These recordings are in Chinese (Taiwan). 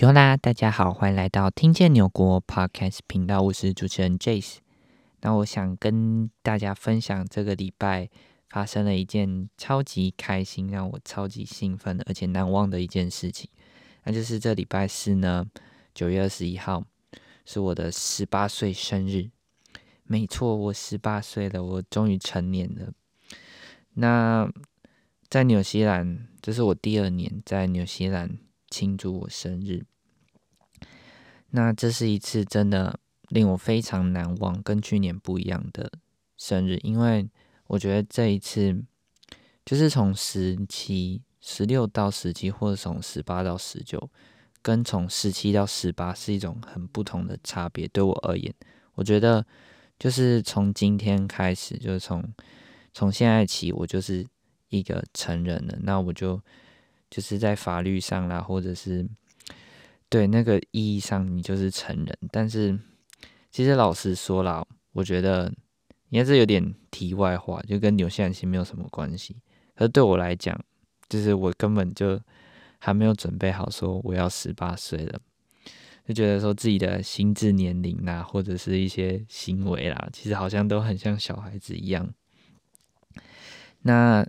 Q 啦，大家好，歡迎來到聽見紐國 Podcast 頻道，我是主持人 Jace。那我想跟大家分享，這個禮拜發生了一件超級開心、讓我超級興奮而且難忘的一件事情。那就是這禮拜四呢，九月二十一號，是我的十八歲生日。沒錯，我十八歲了，我終於成年了。那在紐西蘭，這是我第二年在紐西蘭。慶祝我生日，那這是一次真的令我非常難忘，跟去年不一樣的生日。因為我覺得這一次就是從十七、十六到十七，或者從十八到十九，跟從十七到十八是一種很不同的差別。對我而言，我覺得就是從今天開始，就是從從現在起，我就是一個成人了。那我就。就是在法律上啦，或者是對那個意義上，你就是成人。但是，其實老實說啦，我覺得應該是有點題外話，就跟紐西蘭其實沒有什麼關係。可是對我來講，就是我根本就還沒有準備好說我要十八歲了，就覺得說自己的心智年齡啦，或者是一些行為啦，其實好像都很像小孩子一樣。那。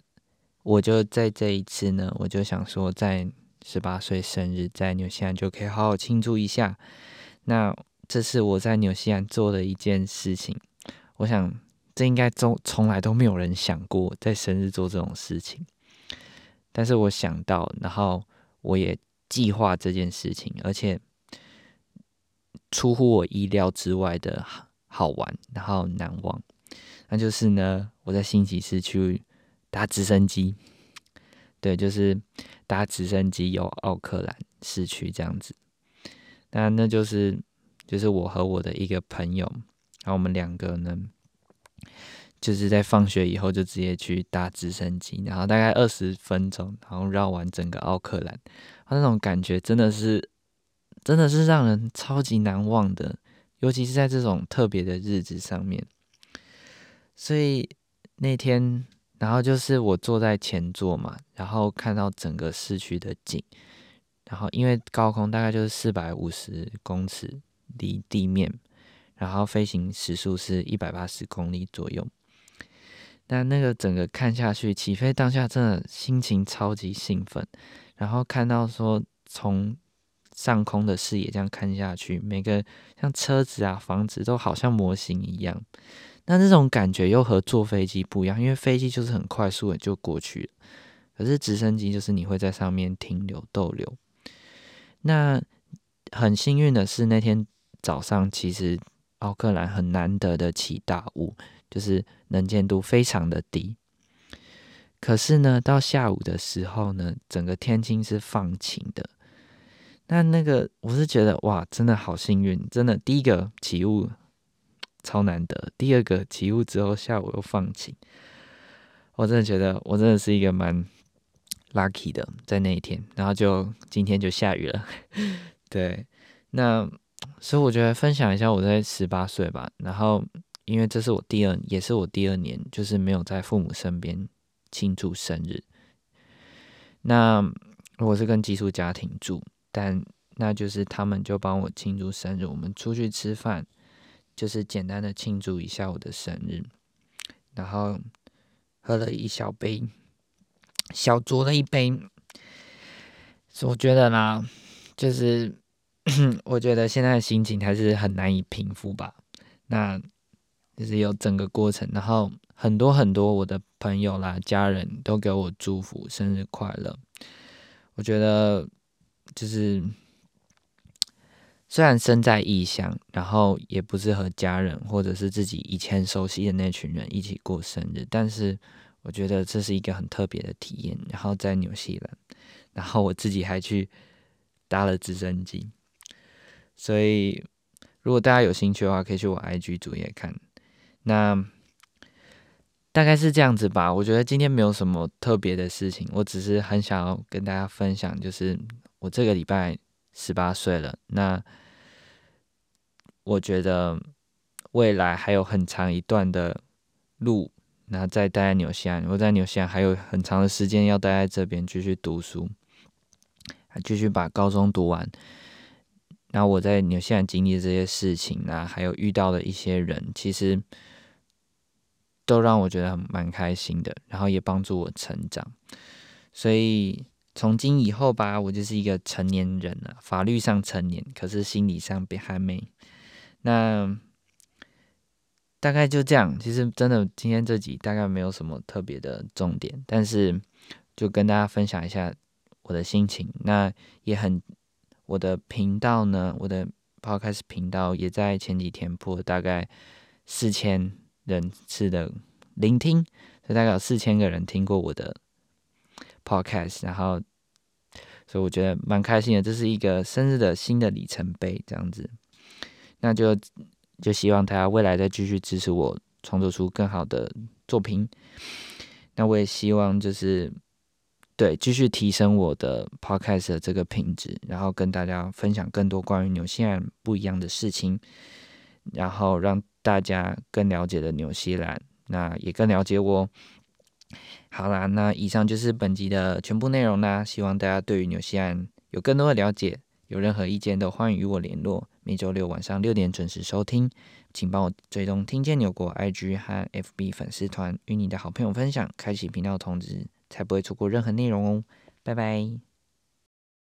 我就在這一次呢，我就想說在18，在十八歲生日在紐西蘭就可以好好慶祝一下。那這是我在紐西蘭做的一件事情，我想這應該從從來都沒有人想過在生日做這種事情。但是我想到，然後我也計劃這件事情，而且出乎我意料之外的好好玩，然後難忘。那就是呢，我在星期四去。搭直升機，對，就是搭直升機遊奧克蘭市區這樣子。那那就是，就是我和我的一個朋友，然後我們兩個呢，就是在放學以後就直接去搭直升機，然後大概二十分鐘，然後繞完整個奧克蘭。他那種感覺真的是，真的是讓人超級難忘的，尤其是在這種特別的日子上面。所以那天。然後就是我坐在前座嘛，然後看到整個市區的景，然後因為高空大概就是四百五十公尺離地面，然後飛行時速是一百八十公里左右，但那，那個整個看下去，起飛當下真的心情超級興奮，然後看到說從。上空的視野這樣看下去，每個像車子啊、房子都好像模型一樣。那這種感覺又和坐飛機不一樣，因為飛機就是很快速的就過去了，可是直升機就是你會在上面停留逗留。那很幸運的是，那天早上其實奧克蘭很難得的起大霧，就是能見度非常的低。可是呢，到下午的時候呢，整個天氣是放晴的。那那個，我是覺得哇，真的好幸運，真的第一個起霧超難得，第二個起霧之後下午又放晴，我真的覺得我真的是一個蠻 lucky 的在那一天。然後就今天就下雨了，對。那所以我覺得分享一下我在十八歲吧，然後因為這是我第二，也是我第二年就是沒有在父母身邊慶祝生日。那我是跟寄宿家庭住。但那就是他們就幫我慶祝生日，我們出去吃飯，就是簡單的慶祝一下我的生日，然後喝了一小杯，小酌了一杯。我覺得呢，就是 我覺得現在心情還是很難以平復吧。那就是有整個過程，然後很多很多我的朋友啦、家人，都給我祝福，生日快樂。我覺得。就是雖然身在異鄉，然後也不是和家人或者是自己以前熟悉的那群人一起過生日，但是我覺得這是一個很特別的體驗。然後在紐西蘭，然後我自己還去搭了直升機，所以如果大家有興趣的話，可以去我 IG 主頁看。那大概是這樣子吧。我覺得今天沒有什麼特別的事情，我只是很想要跟大家分享，就是。我這個禮拜十八歲了，那我覺得未來還有很長一段的路，然後再待在紐西蘭，我在紐西蘭還有很長的時間要待在這邊繼續讀書，還繼續把高中讀完。然後我在紐西蘭經歷這些事情啊，還有遇到的一些人，其實都讓我覺得蠻開心的，然後也幫助我成長，所以。從今以後吧，我就是一個成年人了，法律上成年，可是心理上還沒。那大概就這樣。其實真的，今天這集大概沒有什麼特別的重點，但是就跟大家分享一下我的心情。那也很，我的頻道呢，我的 podcast 頻道也在前幾天破大概四千人次的聆聽，就大概有四千個人聽過我的 podcast，然後。所以我覺得蠻開心的，這是一個生日的新的里程碑，這樣子，那就就希望大家未來再繼續支持我，創作出更好的作品。那我也希望就是對繼續提升我的 podcast 的這個品質，然後跟大家分享更多關於紐西蘭不一樣的事情，然後讓大家更了解的紐西蘭，那也更了解我。好啦，那以上就是本集的全部內容啦。希望大家對於紐西蘭有更多的了解，有任何意見都歡迎與我聯絡。每周六晚上六點準時收聽，請幫我追蹤聽見紐國 IG 和 FB 粉絲團，與你的好朋友分享，開啟頻道通知，才不會錯過任何內容哦。拜拜。